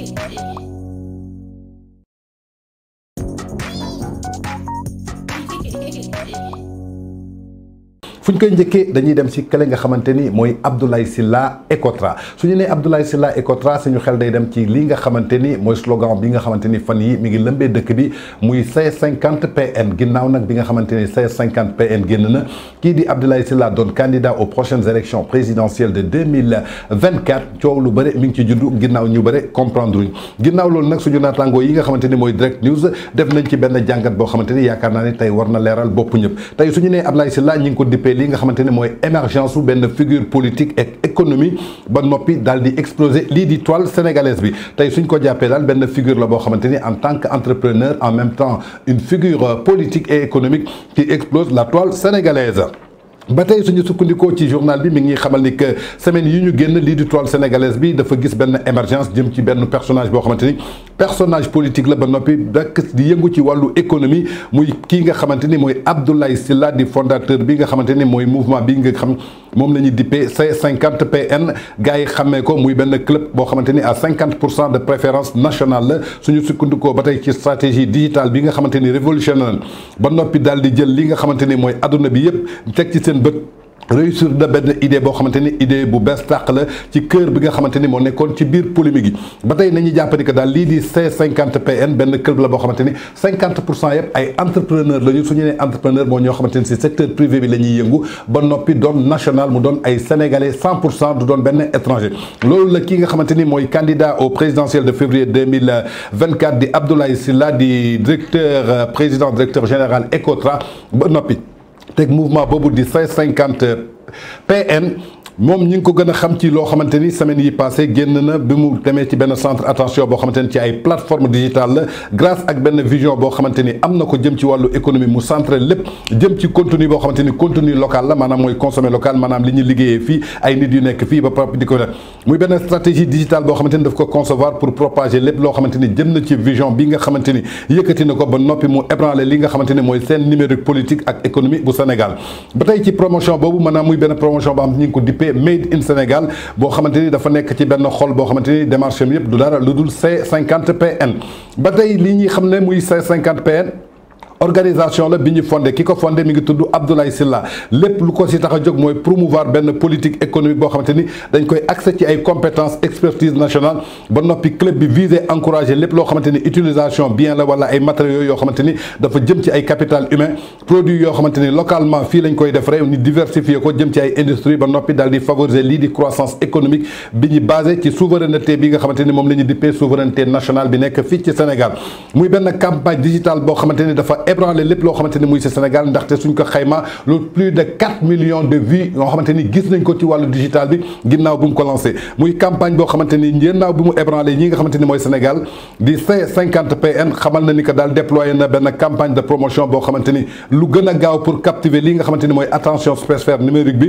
Thank you. fu ñu koy njëkkee dañuy dem si kële nga xamante ni mooy Abdoulaye Sylla Ecotra su ñu nee Abdoulaye Sylla Ecotra suñu xel day dem ci li nga xamante ni ni fan yi mi ngi lëmbee dëkk bi muy C50 PN ginnaaw bi nga xamante ni C50 PN génn na kii di Abdoulaye Sylla doon candidat aux prochaines élections présidentielles de 2024 coow lu bëre mi ngi ci juddu ginnaaw ñu nee Abdoulaye Sylla ñi ngi ko dippee li nga xamante moy émergence de figure politique et économique, ban n'opi daal di exploser li di toile sénégalaise bi tay suñ ko jappé dal ben figure la bo en tant qu'entrepreneur, en même temps une figure euh, politique et économique qui explose la toile sénégalaise batay suñu sukkandikoo ci journal bi mi ngi xamal ni que semaine yi ñu génn lii di toile sénégalaise bi dafa gis benn émergence jëm ci benn personnage boo xamante ni personnage politique la ba noppi dakk di yëngu ci wàllu économie muy kii nga xamante ni mooy Abdoulaye silla di fondateur bi nga xamante ni mooy mouvement bi nga xam moom la ñuy dippee C50 PN gars yi xammee ko muy benn club boo xamante ni à 50 pour cent de préférence nationale la suñu sukkandikoo ba tey ci stratégie digitale bi nga xamante ni révolutionnaire ba noppi daal di jël li nga xamante ni mooy adduna bi yëpp teg ci seen bëgg réussir na benn idée boo xamante ni idée bu bees tàq la ci kër bi nga xamante ni moo nekkoon ci biir polémique yi ba tey nañu jàpp ni que daal lii di C50PN benn club la boo xamante ni 50 pour cent yëpp ay entrepreneur la ñu su ñu nee entrepreneur moo ñoo xamante ni si secteur privé bi la ñuy yëngu ba noppi doon national mu doon ay sénégalais 100 pour cent du doon benn étranger. loolu la ki nga xamante ni mooy candidat au présidentiel de février 2024 di Abdoulaye Sylla di directeur euh, président directeur général Ecotra ba noppi. teg mouvement boobu di 550 PN mom ñing ko gëna xam ci lo xamanteni semaine yi passé genn na bi mu ci ben centre attention bo xamanteni ci ay plateforme digitale la grâce ak ben vision bo xamanteni amna ko jëm ci walu économie mu centré lépp jëm ci contenu bo xamanteni contenu local la manam moy consommer local manam li ñi liggéey fi ay nit yu nekk fi ba pare di ko muy ben stratégie digitale bo xamanteni daf ko concevoir pour propager lépp lo xamanteni jëm na ci vision bi nga xamanteni yëkëti yëkkati na ko ba nopi mu ébranler li nga xamanteni moy sen numérique politique ak économie bu Sénégal batay ci promotion bobu manam muy ben promotion boo xam ne ko dippee made in Sénégal bo xamanteni dafa nek ci ben xol bo xamanteni démarche yëpp du dara lu C50PN batay li ñi xamne muy C50PN. organisation la biñu fondé ki fondé mi ngi tuddu Abdoulaye Silla. lepp lu ko ci taxaj jog moy promouvoir ben politique économique bo xamanteni dañ koy accès ci ay compétences expertise nationale ba nopi club bi visé encourager lepp lo xamanteni utilisation bien la wala ay matériaux yo xamanteni dafa jëm ci ay capital humain produits yo xamanteni localement fi lañ koy defaree ni diversifier ko jëm ci ay industrie ba nopi daal di favoriser li di croissance économique biñu basé ci souveraineté bi nga xamanteni mom moom la ñu souveraineté nationale bi nek fi ci Sénégal muy benn campagne digitale bo xamanteni dafa ébranlé lépp loo xamante ni muy si Sénégal ndaxte suñ ko xayma lu plus de 4 millions de vues yoo xamante ni gis nañ ko ci wàllu digital bi ginnaaw bu mu ko lancé muy campagne boo xamante ni ginnaaw bu mu ébranlé ñi nga xamante ni mooy Sénégal di 550 pn xamal na ni que daal déployé na benn campagne de promotion boo xamante ni lu gën gaaw pour captiver li nga xamante ni mooy attention sphère numérique bi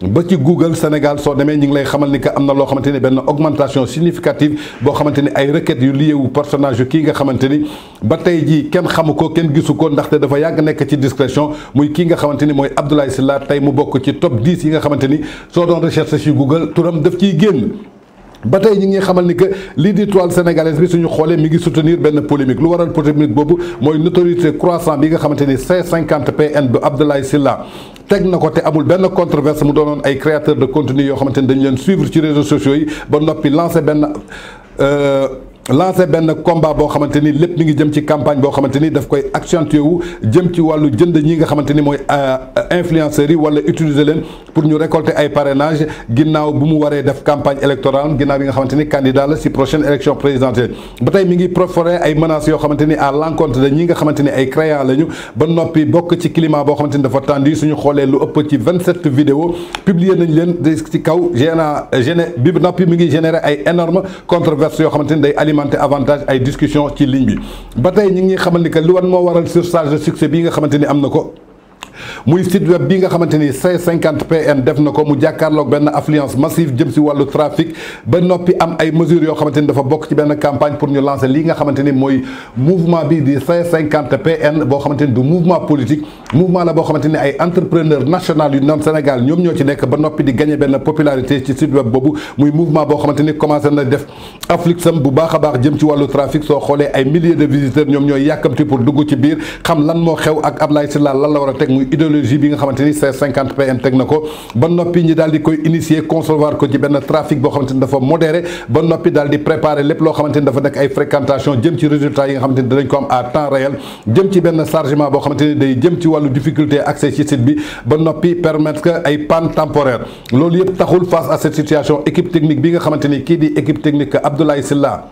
ba ci Google Sénégal so demee ñi ngi lay xamal ni que amna lo xamanteni ben augmentation significative bo xamanteni ay requêtes yu lié wu personnage ki nga xamanteni ba tay ji kenn xamuko kenn gisuko ndaxte dafa yag nek ci discrétion muy ki nga xamanteni moy mooy Abdoulaye Sylla tey mu bok ci top 10 yi nga xamanteni so don recherche ci Google turam daf ci génn. ba tay ñi ngi xamal ni que li di toile sénégalaise bi suñu xolé mi ngi soutenir ben polémique lu waral polémique bobu moy notoriété croissant bi nga xamanteni 550 pn bu Abdoulaye Sylla teg na amul ben controverse mu doonoon ay créateurs de contenu yo xamante dañ leen suivre ci réseaux sociaux yi ba noppi lancer ben euh lancé ben combat bo xamanteni lepp mi ngi jëm ci campagne bo xamanteni daf koy accentuer wu jëm ci walu jënd ñi nga xamanteni moy euh, influenceur yi wala utiliser leen pour ñu récolter ay parrainage ginnaw bu mu waré def campagne électorale ginnaw bi nga xamanteni candidat la si prochaine élection présidentielle batay mi ngi proférer ay menaces yo xamanteni à l'encontre de ñi nga xamanteni ay créant lañu ba nopi bokk ci climat bo xamanteni dafa tendu suñu xolé lu ëpp ci vingt sept vidéos publié nañ leen ci kaw géné géné bib noppi mi ngi générer ay énormes controverses yo xamanteni ni day alimenter avantage ay discussion ci ligne bi batay ñi ngi xamal ni que li wan mo waral surcharge de succès bi nga xamante ni am ko muy site web bi nga xamanteni 550 c pn def na ko mu jàkkaarloog ben affluence massive jëm si wàllu trafic ba noppi am ay mesures yoo xamante dafa bokk ci benn campagne pour ñu lancer li nga xamante ni mooy mouvement bi di 550 pn boo xamante ni du mouvement politique mouvement la boo xamante ni ay entrepreneur national yu noom Sénégal ñoom ñoo ci nekk ba noppi di gagné benn popularité ci site web boobu muy mouvement boo xamante ni commencé na def affluxam bu baax a baax jëm ci wàllu trafic soo xoolee ay milliers de visiteurs ñoom ñooy yàkkamti pour dugg ci biir xam lan moo xew ak Ablaye Sylla lan la war a teg muy idéologie bi nga xamanteni 50 PM teg na ba nopi ñi daal di koy initier concevoir ko ci ben trafic bo xamanteni dafa modéré ba opinion daal préparer les lo xamanteni dafa nek ay fréquentation jëm ci résultats yi nga xamanteni dañ ko am à temps réel jëm ci ben chargement bo xamanteni de. day jëm ci walu difficulté accès ci site bi ba nopi permettre que ay panne temporaire loolu yëpp taxul face à cette situation équipe technique bi nga xamanteni ki di équipe technique Abdoulaye Sylla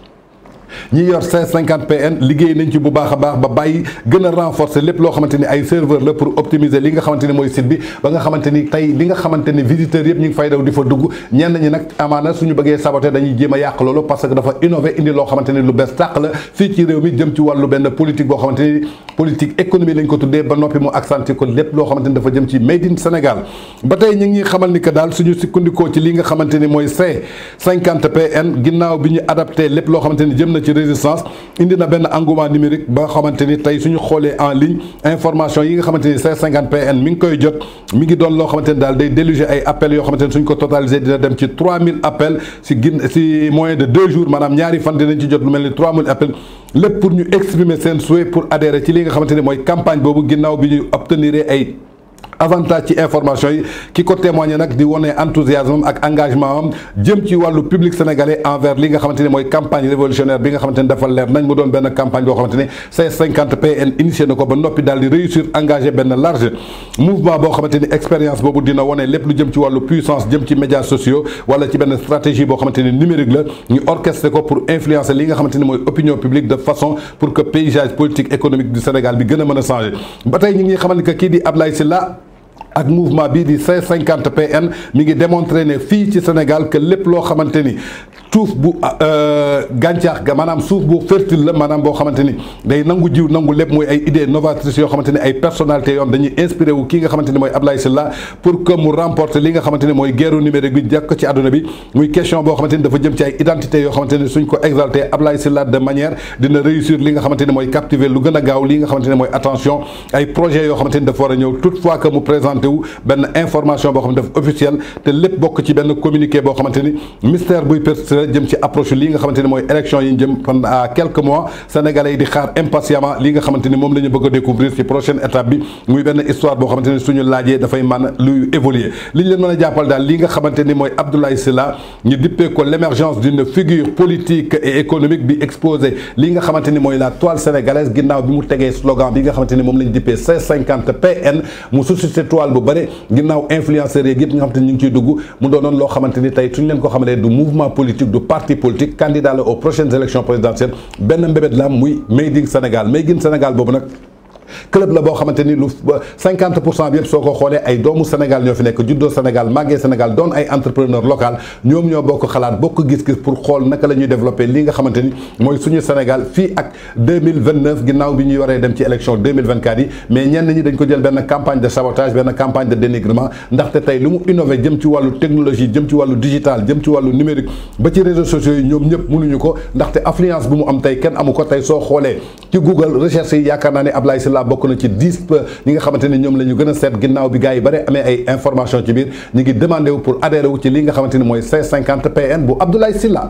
ñi yor 150 PN liguey nañ ci bu baax baax ba bayyi gën a renforcer lépp loo xamante ni ay serveur la pour optimiser li nga xamante ni mooy site bi ba nga xamante ni tey li nga xamante ni visiteurs yëpp ñu ngi fay daw di fa dugg ñenn ñi nag amaana suñu bëggee saboter dañuy jéem a yàq loolu parce que dafa innover indi loo xamante ni lu bees tàq la fii ci réew mi jëm ci wàllu benn politique boo xamante ni politique économie lañ ko tuddee ba noppi mu accenté ko lépp loo xamante ni dafa jëm ci made in Sénégal ba tey ñu ngi xamal ni que daal suñu sukkandikoo ci li nga xamante ni mooy C50 PN ginnaaw bi ñu adapté lépp loo xamante ni jëm na ci résistance indi na ben engouement numérique ba xamanteni tay suñu xolé en ligne information yi nga xamanteni 50 pn mi ngi koy jot mi ngi don lo xamanteni dal day déluger ay appels yo xamanteni suñ ko totaliser dina dem ci 3000 appels si si moyen de deux jours madame ñaari fan dinañ ci jot lu melni 3000 appels lepp pour ñu exprimer un souhait pour adhérer ci li nga xamanteni moy campagne bobu ginnaw bi ñu obtenir ay avantage ci information yi ki ko témoigné nak di woné enthousiasme ak engagement am jëm ci walu public sénégalais envers li nga xamante moy campagne révolutionnaire bi nga xamante dafa lèr nañ mu doon ben campagne bo xamante ni 50 pn initié na ko ba nopi dal di réussir engagé ben large mouvement bo xamante expérience bobu dina woné lepp lu jëm ci walu puissance jëm ci médias sociaux wala ci ben stratégie bo xamante numérique la ñu orchestrer ko pour influencer li nga xamante moy opinion publique de façon pour que paysage politique économique du Sénégal bi gëna mëna changer a changé ba tey ñu ngi xamal que di Abdoulaye Sylla ak mouvement bi di PN mi ngi démontré ne fii ci Sénégal que lepp lo xamante touf bu euh gàncax ga manam souf bu fertile la manam bo des day nangu jiw nangu lepp moy ay idées novatrices yo ay personnalités yoo dañuy inspiré wu ki nga xamante moy Abdoulaye Sylla pour que mu remporte li nga xamante moy guerre numérique bi jàkk ci aduna bi muy question bo xamante dafa jëm ci ay identité yo xamante suñ ko exalté Abdoulaye Sylla de manière dina réussir li nga xamante moy captiver lu gëna a gaaw li nga moy attention ay projet yo xamante de dafa wara toutefois que mu présenté ou information bo de officielle te l'époque qui ci ben communiqué bo xamanteni mystère buy persisté jëm ci approche li nga xamanteni moy élection yi jëm pendant quelques mois sénégalais yi di xaar impatiemment li nga xamanteni mom lañu bëgg découvrir ci prochaine étape bi muy ben histoire bo xamanteni suñu suñu da fay man luy évoluer liñ leen mëna jappal dal li nga xamanteni moy Abdoulaye ñu dippé ko l'émergence d'une figure politique et économique bi exposé li nga xamanteni moy la toile sénégalaise ginnaw bi mu téggé slogan bi nga xamanteni mom lañu dippé C50 PN mu cette toile bu bëri influencer influenceurs yeeg yëpp nga xam ñu ngi ciy dugg mu doonoon loo xamante tuñ leen ko xamalé du mouvement politique du parti politique candidat aux prochaines élections présidentielles benn mbébét la muy Made in Sénégal Made in Sénégal bobu nak club la bo xamanteni lu 50 bi yëpp soo ko ay doomu Sénégal ñofi nek juddo Sénégal màggee Sénégal doon ay entrepreneur local ñom ñoo bokk xalaat bokk gis-gis pour xol naka lañuy développer développé li nga xamanteni moy suñu Sénégal fi ak 2029 ginnaw bi ñuy yoré dem ci élection 2024 yi mais ñen ñi dañ ko jël ben campagne de sabotage ben campagne de dénigrement té tay lu mu innover jëm ci walu technologie jëm ci walu digital jëm ci walu numérique ba ci réseaux sociaux ñom ñep mënuñu ko té affluence bu mu am tay kenn amu ko tey soo xoolee ci Google recherche yi yaakaar naa ne Ablaye Sylla bokk na ci dix ñi nga xamante ne ñoom la ñu gën a seet ginnaaw bi gars yi bare amee ay information ci biir ñu ngi demandé wu pour adhéré wu ci li nga xamante ni mooy C50 PN bu Abdoulaye Sylla